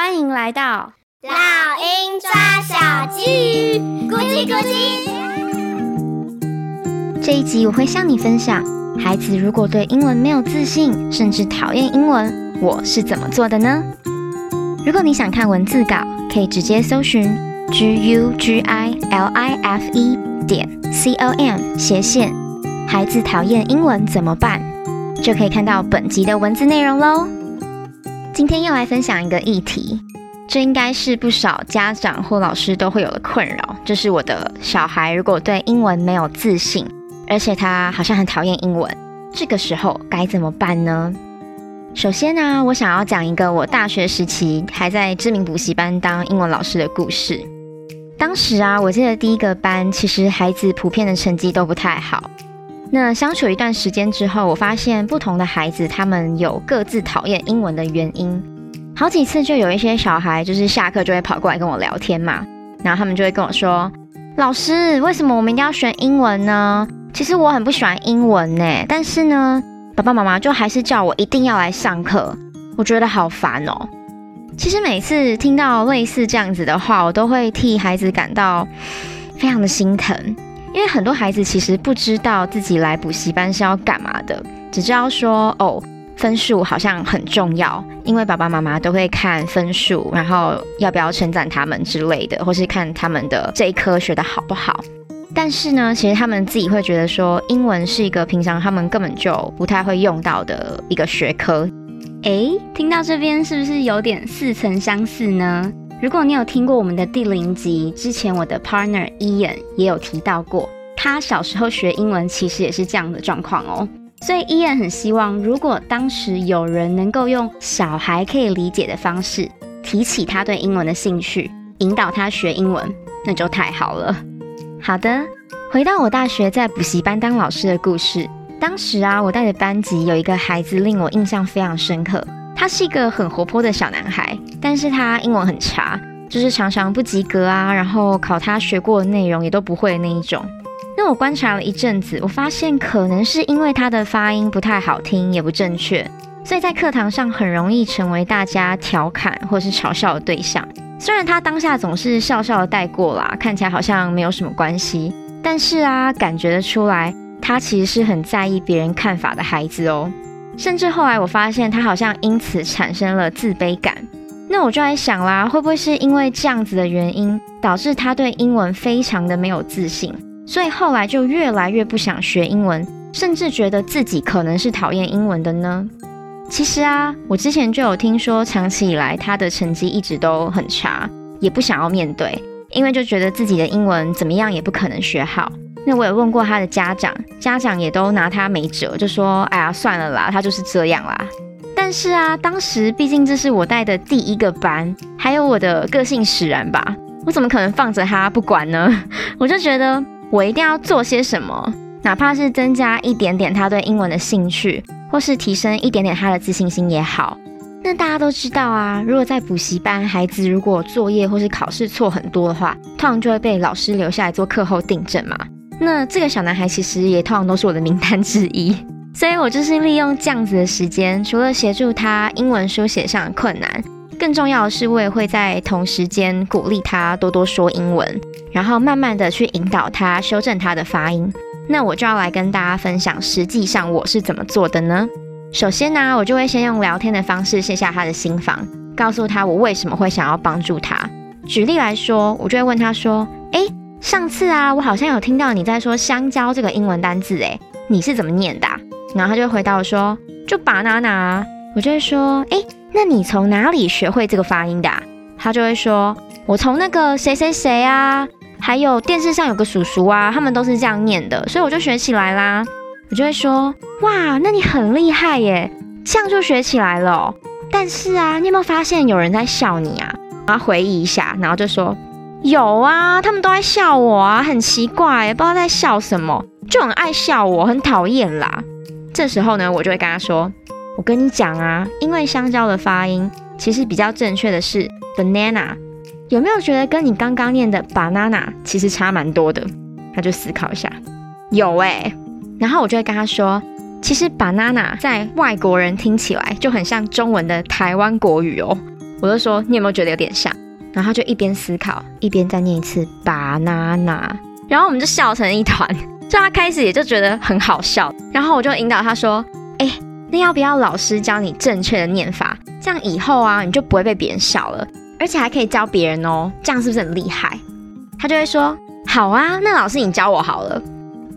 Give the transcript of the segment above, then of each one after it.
歡迎來到老英抓小雞，咕嘰咕嘰。這一集我會向你分享，孩子如果對英文沒有自信，甚至討厭英文，我是怎麼做的呢？如果你想看文字稿，可以直接搜尋 g u g i l i f e 點 c o m 斜線孩子討厭英文怎麼辦，就可以看到本集的文字內容嘍。今天要來分享一個議題，這應該是不少家長或老師都會有的困擾。就是我的小孩如果對英文沒有自信，而且他好像很討厭英文，這個時候該怎麼辦呢？首先呢，啊，我想要講一個我大學時期還在知名補習班當英文老師的故事。當時啊，我記得第一個班其實孩子普遍的成績都不太好。那相處一段時間之後，我發現不同的孩子他們有各自討厭英文的原因。好幾次就有一些小孩，就是下課就會跑過來跟我聊天嘛，然後他們就會跟我說：“老師，為什麼我們一定要學英文呢？”其實我很不喜歡英文呢，但是呢，爸爸媽媽就還是叫我一定要來上課，我覺得好煩哦。其實每次聽到類似這樣子的話，我都會替孩子感到非常的心疼。因為很多孩子其實不知道自己來補習班是要幹嘛的，只知道說哦，分數好像很重要，因為爸爸媽媽都會看分數，然後要不要稱讚他們之類的，或是看他們的這一科學得好不好。但是呢，其實他們自己會覺得說，英文是一個平常他們根本就不太會用到的一個學科。誒，聽到這邊是不是有點似曾相似呢？如果你有聽過我們的第零集，之前我的 partner Ian 也有提到過，他小時候學英文其實也是這樣的狀況哦。所以 Ian 很希望，如果當時有人能夠用小孩可以理解的方式提起他對英文的興趣，引導他學英文，那就太好了。好的，回到我大學在補習班當老師的故事，當時啊，我帶的班級有一個孩子令我印象非常深刻，他是一個很活潑的小男孩。但是他英文很差，就是常常不及格啊，然後考他學過的內容也都不會的那一種。那我觀察了一陣子，我發現可能是因為他的發音不太好聽，也不正確，所以在課堂上很容易成為大家調侃或是嘲笑的對象。雖然他當下總是笑笑的帶過啦，看起來好像沒有什麼關係，但是啊，感覺得出來，他其實是很在意別人看法的孩子哦。甚至後來我發現，他好像因此產生了自卑感。那我就在想啦，會不會是因為這樣子的原因，導致他對英文非常的沒有自信，所以後來就越來越不想學英文，甚至覺得自己可能是討厭英文的呢？其實啊，我之前就有聽說，長期以來他的成績一直都很差，也不想要面對，因為就覺得自己的英文怎麼樣也不可能學好。那我也問過他的家長，家長也都拿他沒轍，就說：“哎呀，算了啦，他就是這樣啦。”但是啊，當時畢竟這是我帶的第一個班，還有我的個性使然吧，我怎麼可能放着他不管呢？我就覺得我一定要做些什麼，哪怕是增加一點點他對英文的興趣，或是提升一點點他的自信心也好。那大家都知道啊，如果在補習班，孩子如果作業或是考試錯很多的話，通常就會被老師留下來做課後訂正嘛。那這個小男孩其實也通常都是我的名單之一。所以，我就是利用這樣子的時間，除了協助他英文書寫上的困難，更重要的是，我也會在同時間鼓勵他多多說英文，然後慢慢的去引導他修正他的發音。那我就要來跟大家分享，實際上我是怎麼做的呢？首先呢、啊，我就會先用聊天的方式卸下他的心防，告訴他我為什麼會想要幫助他。舉例來說，我就會問他說：“誒、欸、上次啊，我好像有聽到你在說香蕉這個英文單字、欸，誒，你是怎麼念的、啊？”然後他就回答我說：“就拔拿拿。”我就會說：“誒，那你從哪裡學會這個發音的啊？”他就會說：“我從那個誰誰誰啊，還有電視上有個叔叔啊，他們都是這樣念的，所以我就學起來啦。”我就會說：“哇，那你很厲害耶！”這樣就學起來了。但是啊，你有沒有發現有人在笑你啊？然後回憶一下，然後就說：“有啊，他們都在笑我啊，很奇怪，不知道在笑什麼，就很愛笑我，我很討厭啦。”這時候呢，我就會跟他說：“我跟你講啊，因為香蕉的發音其實比較正確的是 banana，有沒有覺得跟你剛剛念的 banana 其實差蠻多的？”他就思考一下，有誒。然後我就會跟他說：“其實 banana 在外國人聽起來就很像中文的台灣國語哦。”我就說：“你有沒有覺得有點像？”然後就一邊思考一邊再念一次 banana，然後我們就笑成一團。所以他開始也就覺得很好笑，然後我就引導他說：“欸，那要不要老師教你正確的念法？這樣以後啊，你就不會被別人笑了，而且還可以教別人哦，這樣是不是很厲害？”他就會說：“好啊，那老師你教我好了。”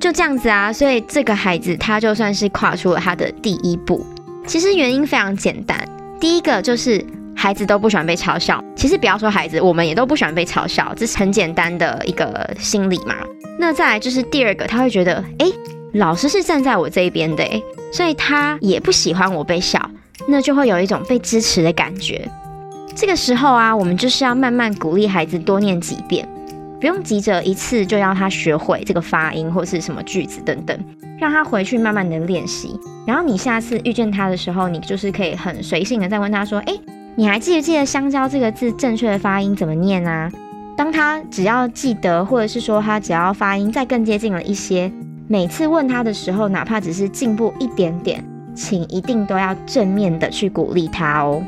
就這樣子啊，所以這個孩子他就算是跨出了他的第一步。其實原因非常簡單，第一個就是。孩子都不喜歡被嘲笑，其實不要說孩子，我們也都不喜歡被嘲笑，這是很簡單的一個心理嘛。那再來就是第二個，他會覺得哎，老師是站在我這一邊的哎，所以他也不喜歡我被笑，那就會有一種被支持的感覺。這個時候啊，我們就是要慢慢鼓勵孩子多念幾遍，不用急着一次就要他學會這個發音或是什麼句子等等，讓他回去慢慢的練習。然後你下次遇見他的時候，你就是可以很隨性的再問他說，誒你還記不記得香蕉這個字正確的發音怎麼念啊？當他只要記得，或者是說他只要發音再更接近了一些，每次問他的時候，哪怕只是進步一點點，請一定都要正面的去鼓勵他哦。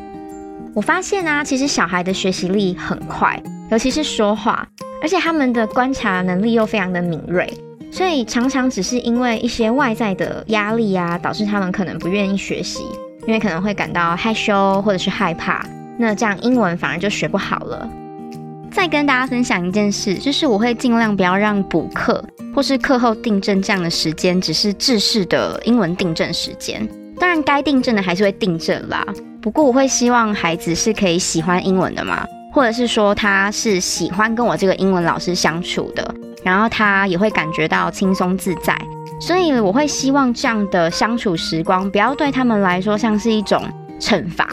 我發現啊，其實小孩的學習力很快，尤其是說話，而且他們的觀察能力又非常的敏銳，所以常常只是因為一些外在的壓力啊，導致他們可能不願意學習。因為可能會感到害羞或者是害怕，那這樣英文反而就學不好了。再跟大家分享一件事，就是我會盡量不要讓補課或是課後訂正這樣的時間，只是制式的英文訂正時間。當然該訂正的還是會訂正啦。不過我會希望孩子是可以喜歡英文的嘛，或者是說他是喜歡跟我這個英文老師相處的，然後他也會感覺到輕鬆自在。所以我會希望這樣的相處時光，不要對他們來說像是一種懲罰，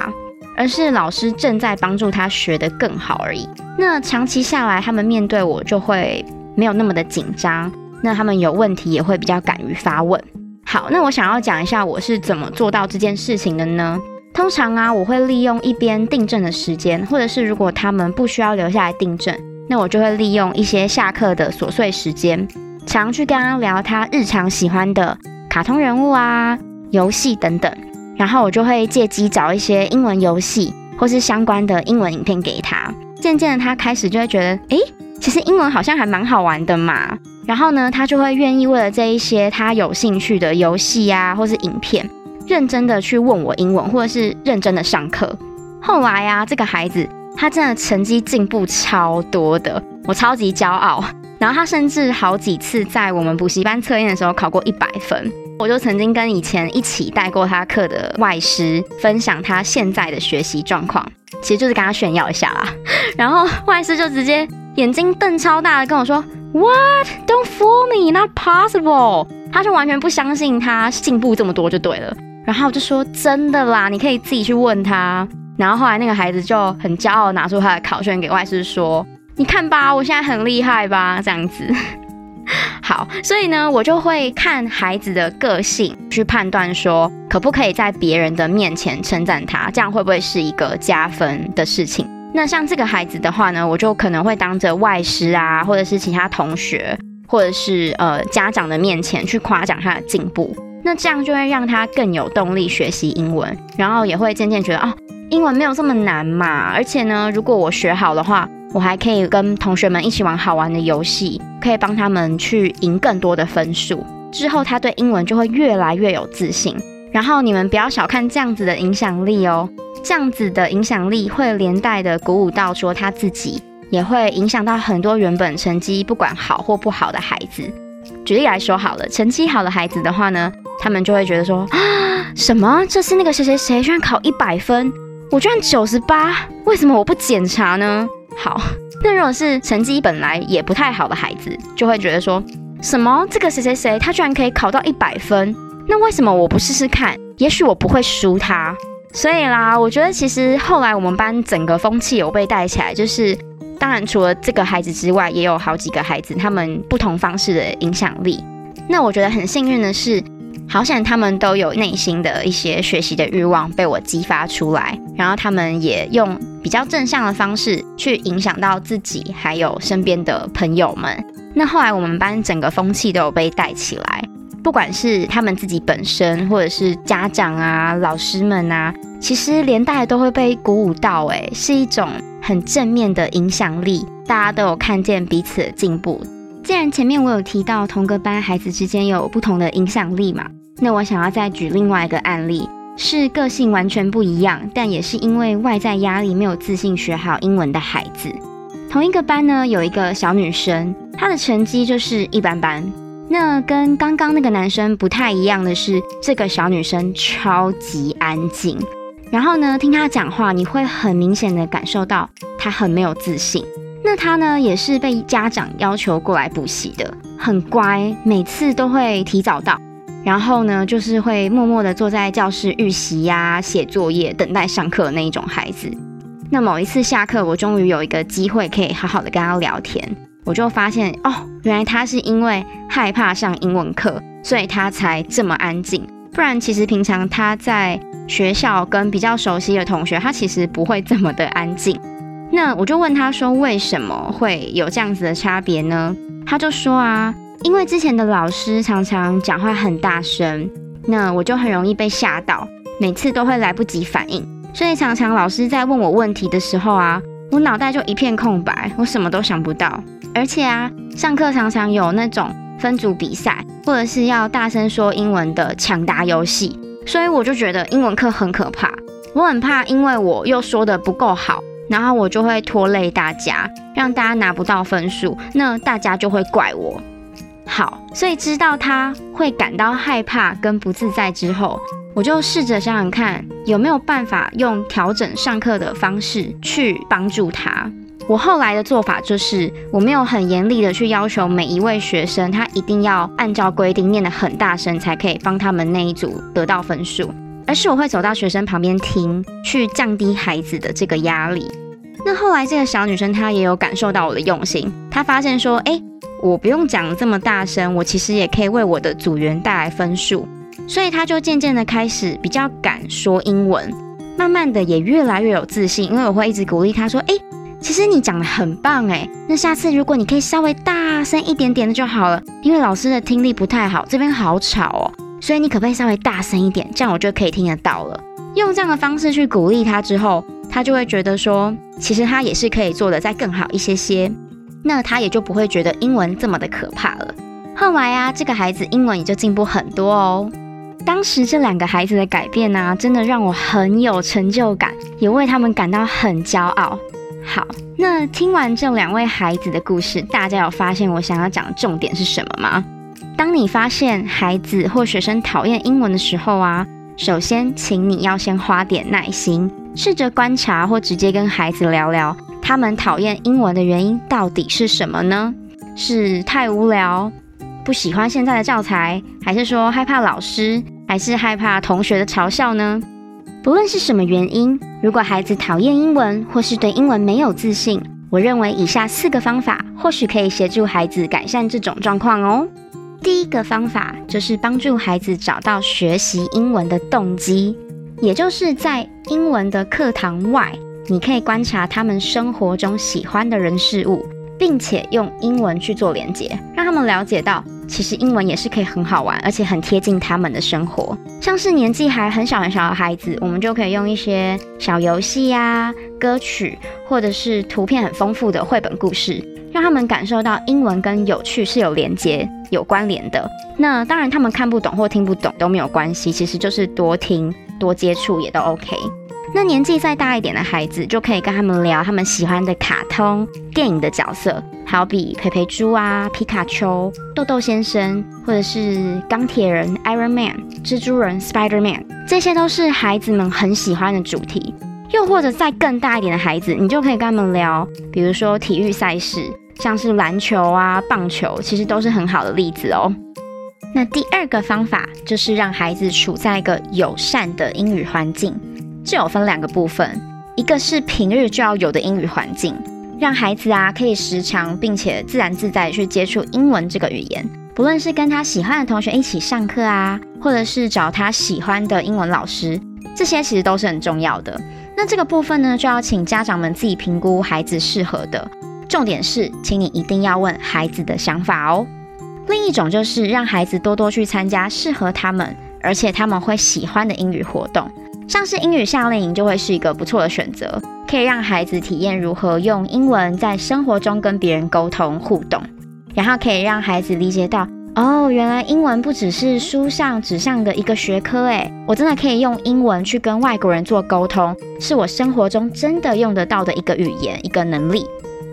而是老師正在幫助他學得更好而已。那長期下來，他們面對我就會沒有那麼的緊張，那他們有問題也會比較敢於發問。好，那我想要講一下我是怎麼做到這件事情的呢？通常啊，我會利用一邊訂正的時間，或者是如果他們不需要留下來訂正，那我就會利用一些下課的瑣碎時間。常去跟他聊他日常喜歡的卡通人物啊、遊戲等等，然後我就會借機找一些英文遊戲或是相關的英文影片給他。漸漸的，他開始就會覺得，誒，其實英文好像還蠻好玩的嘛。然後呢，他就會願意為了這一些他有興趣的遊戲啊或是影片，認真的去問我英文，或者是認真的上課。後來啊，這個孩子他真的成績進步超多的，我超級驕傲。然後他甚至好幾次在我們補習班測驗的時候考過一百分，我就曾經跟以前一起帶過他課的外師分享他現在的學習狀況，其實就是跟他炫耀一下啦。然後外師就直接眼睛瞪超大的跟我說：“What? Don't fool me, not possible。”他就完全不相信他進步這麼多就對了。然後我就說：“真的啦，你可以自己去問他。”然後後來那個孩子就很驕傲拿出他的考卷給外師說。你看吧，我現在很厲害吧？這樣子， 好，所以呢，我就會看孩子的個性去判斷，說可不可以在別人的面前稱讚他，這樣會不會是一個加分的事情？那像這個孩子的話呢，我就可能會當着外師啊，或者是其他同學，或者是呃家長的面前去誇獎他的進步，那這樣就會讓他更有動力學習英文，然後也會漸漸覺得哦，英文沒有這麼難嘛，而且呢，如果我學好的話，我還可以跟同學們一起玩好玩的遊戲，可以幫他們去贏更多的分數。之後他對英文就會越來越有自信。然後你們不要小看這樣子的影響力哦，這樣子的影響力會連帶的鼓舞到說他自己，也會影響到很多原本成績不管好或不好的孩子。舉例來說好了，成績好的孩子的話呢，他們就會覺得說啊，什麼？這次那個誰誰誰居然考一百分，我居然九十八，為什麼我不檢查呢？好，那如果是成績本來也不太好的孩子，就會覺得說，什麼這個誰誰誰他居然可以考到一百分，那為什麼我不試試看？也許我不會輸他。所以啦，我覺得其實後來我們班整個風氣有被帶起來，就是當然除了這個孩子之外，也有好幾個孩子他們不同方式的影響力。那我覺得很幸運的是，好像他們都有內心的一些學習的慾望被我激發出來，然後他們也用比較正向的方式去影響到自己，還有身邊的朋友們。那後來我們班整個風氣都有被帶起來，不管是他們自己本身，或者是家長啊、老師們啊，其實連帶都會被鼓舞到。欸，誒，是一種很正面的影響力，大家都有看見彼此的進步。既然前面我有提到，同個班孩子之間有不同的影響力嘛。那我想要再舉另外一個案例，是個性完全不一樣，但也是因為外在壓力，沒有自信學好英文的孩子。同一個班呢，有一個小女生，她的成績就是一般般。那跟剛剛那個男生不太一樣的是，這個小女生超級安靜。然後呢，聽她講話，你會很明顯的感受到她很沒有自信。那她呢，也是被家長要求過來補習的，很乖，每次都會提早到。然後呢，就是會默默地坐在教室預習呀、啊、寫作業、等待上課的那一種孩子。那某一次下課，我終於有一個機會可以好好的跟他聊天，我就發現哦，原來他是因為害怕上英文課，所以他才這麼安靜。不然其實平常他在學校跟比較熟悉的同學，他其實不會這麼的安靜。那我就問他說，為什麼會有這樣子的差別呢？他就說啊。因為之前的老師常常講話很大聲，那我就很容易被嚇到，每次都會來不及反應，所以常常老師在問我問題的時候啊，我腦袋就一片空白，我什麼都想不到。而且啊，上課常常有那種分組比賽，或者是要大聲說英文的搶答遊戲，所以我就覺得英文課很可怕。我很怕，因為我又說得不夠好，然後我就會拖累大家，讓大家拿不到分數，那大家就會怪我。好，所以知道他會感到害怕跟不自在之後，我就試着想想看有沒有辦法用調整上課的方式去幫助他。我後來的做法就是，我沒有很嚴厲的去要求每一位學生，他一定要按照規定念得很大聲才可以幫他們那一組得到分數，而是我會走到學生旁邊聽，去降低孩子的這個壓力。那後來這個小女生她也有感受到我的用心，她發現說，誒……我不用講這麼大聲，我其實也可以為我的組員帶來分數，所以他就漸漸的開始比較敢說英文，慢慢的也越來越有自信，因為我會一直鼓勵他說，誒、欸，其實你講的很棒誒、欸，那下次如果你可以稍微大聲一點點的就好了，因為老師的聽力不太好，這邊好吵哦、喔，所以你可不可以稍微大聲一點，這樣我就可以聽得到了。用這樣的方式去鼓勵他之後，他就會覺得說，其實他也是可以做的再更好一些些。那他也就不會覺得英文這麼的可怕了。後來啊，這個孩子英文也就進步很多哦。當時這兩個孩子的改變呢，真的讓我很有成就感，也為他們感到很驕傲。好，那聽完這兩位孩子的故事，大家有發現我想要講的重點是什麼嗎？當你發現孩子或學生討厭英文的時候啊，首先請你要先花點耐心，試着觀察或直接跟孩子聊聊。他們討厭英文的原因到底是什麼呢？是太無聊，不喜歡現在的教材，還是說害怕老師，還是害怕同學的嘲笑呢？不論是什麼原因，如果孩子討厭英文或是對英文沒有自信，我認為以下四個方法或許可以協助孩子改善這種狀況哦。第一個方法就是幫助孩子找到學習英文的動機，也就是在英文的課堂外。你可以觀察他們生活中喜歡的人事物，並且用英文去做連接，讓他們了解到其實英文也是可以很好玩，而且很貼近他們的生活。像是年紀還很小很小的孩子，我們就可以用一些小遊戲呀、啊、歌曲，或者是圖片很豐富的繪本故事，讓他們感受到英文跟有趣是有連接、有關聯的。那當然他們看不懂或聽不懂都沒有關係，其實就是多聽、多接觸也都 OK。那年紀再大一點的孩子，就可以跟他們聊他們喜歡的卡通電影的角色，好比佩佩豬啊、皮卡丘、豆豆先生，或者是鋼鐵人 Iron Man、蜘蛛人 Spider Man，這些都是孩子們很喜歡的主題。又或者再更大一點的孩子，你就可以跟他們聊，比如說體育賽事，像是籃球啊、棒球，其實都是很好的例子哦。那第二個方法就是讓孩子處在一個友善的英語環境。是有分兩個部分，一個是平日就要有的英語環境，讓孩子啊可以時常並且自然自在地去接觸英文這個語言，不論是跟他喜歡的同學一起上課啊，或者是找他喜歡的英文老師，這些其實都是很重要的。那這個部分呢，就要請家長們自己評估孩子適合的。重點是，請你一定要問孩子的想法哦。另一種就是讓孩子多多去參加適合他們，而且他們會喜歡的英語活動。像是英語夏令營就會是一個不錯的選擇，可以讓孩子體驗如何用英文在生活中跟別人溝通互動，然後可以讓孩子理解到哦，原來英文不只是書上紙上的一個學科哎，我真的可以用英文去跟外國人做溝通，是我生活中真的用得到的一個語言一個能力。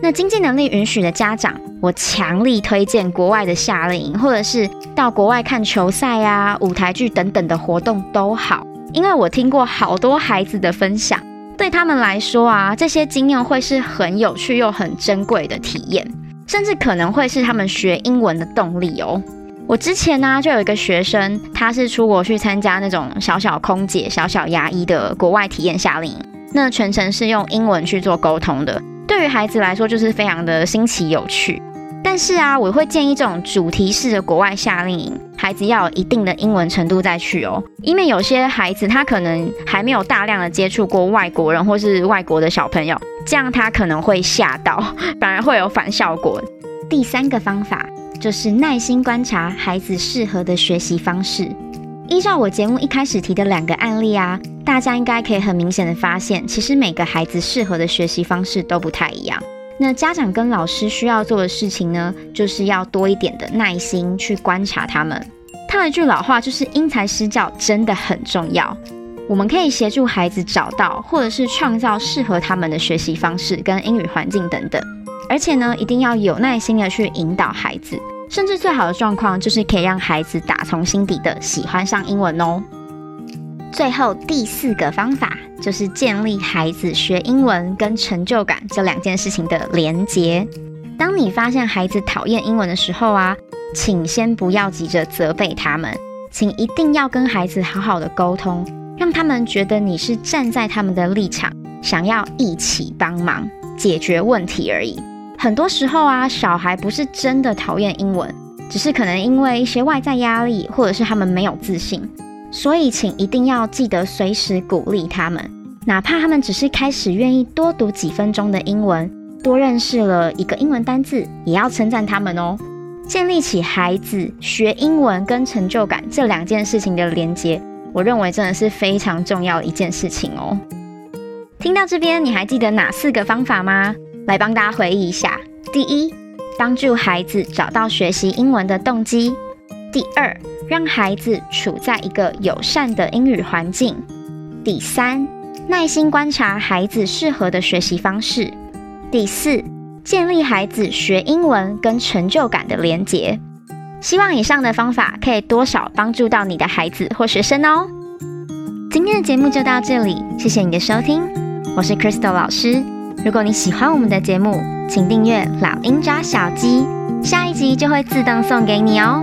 那經濟能力允許的家長，我強力推薦國外的夏令營，或者是到國外看球賽啊、舞台劇等等的活動都好。因為我聽過好多孩子的分享，對他們來說啊，這些經驗會是很有趣又很珍貴的體驗，甚至可能會是他們學英文的動力哦。我之前呢、啊，就有一個學生，他是出國去參加那種小小空姐、小小牙醫的國外體驗夏令營，那全程是用英文去做溝通的，對於孩子來說就是非常的新奇有趣。但是啊，我會建議這種主題式的國外夏令營，孩子要有一定的英文程度再去哦，因為有些孩子他可能還沒有大量的接觸過外國人或是外國的小朋友，這樣他可能會嚇到，反而會有反效果。第三個方法就是耐心觀察孩子適合的學習方式。依照我節目一開始提的兩個案例啊，大家應該可以很明顯的發現，其實每個孩子適合的學習方式都不太一樣。那家長跟老師需要做的事情呢，就是要多一點的耐心去觀察他們。他有一句老話就是因材施教，真的很重要。我們可以協助孩子找到或者是創造適合他們的學習方式跟英語環境等等。而且呢，一定要有耐心的去引導孩子，甚至最好的狀況就是可以讓孩子打從心底的喜歡上英文哦。最後第四個方法就是建立孩子學英文跟成就感這兩件事情的連結。當你發現孩子討厭英文的時候啊，請先不要急着責備他們，請一定要跟孩子好好的溝通，讓他們覺得你是站在他們的立場，想要一起幫忙解決問題而已。很多時候啊，小孩不是真的討厭英文，只是可能因為一些外在壓力，或者是他們沒有自信。所以，請一定要記得隨時鼓勵他們，哪怕他們只是開始願意多讀幾分鐘的英文，多認識了一個英文單字，也要稱讚他們哦。建立起孩子學英文跟成就感這兩件事情的連結，我認為真的是非常重要的一件事情哦。聽到這邊，你還記得哪四個方法嗎？來幫大家回憶一下：第一，幫助孩子找到學習英文的動機；第二，讓孩子處在一個友善的英語環境。第三，耐心觀察孩子適合的學習方式。第四，建立孩子學英文跟成就感的連結。希望以上的方法可以多少幫助到你的孩子或學生哦。今天的節目就到這裡，謝謝你的收聽，我是 Crystal 老師。如果你喜歡我們的節目，請訂閱《老英抓小雞》，下一集就會自動送給你哦。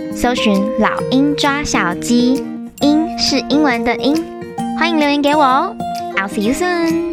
搜尋“老英抓小雞”，英是英文的英。歡迎留言給我哦！I'll see you soon.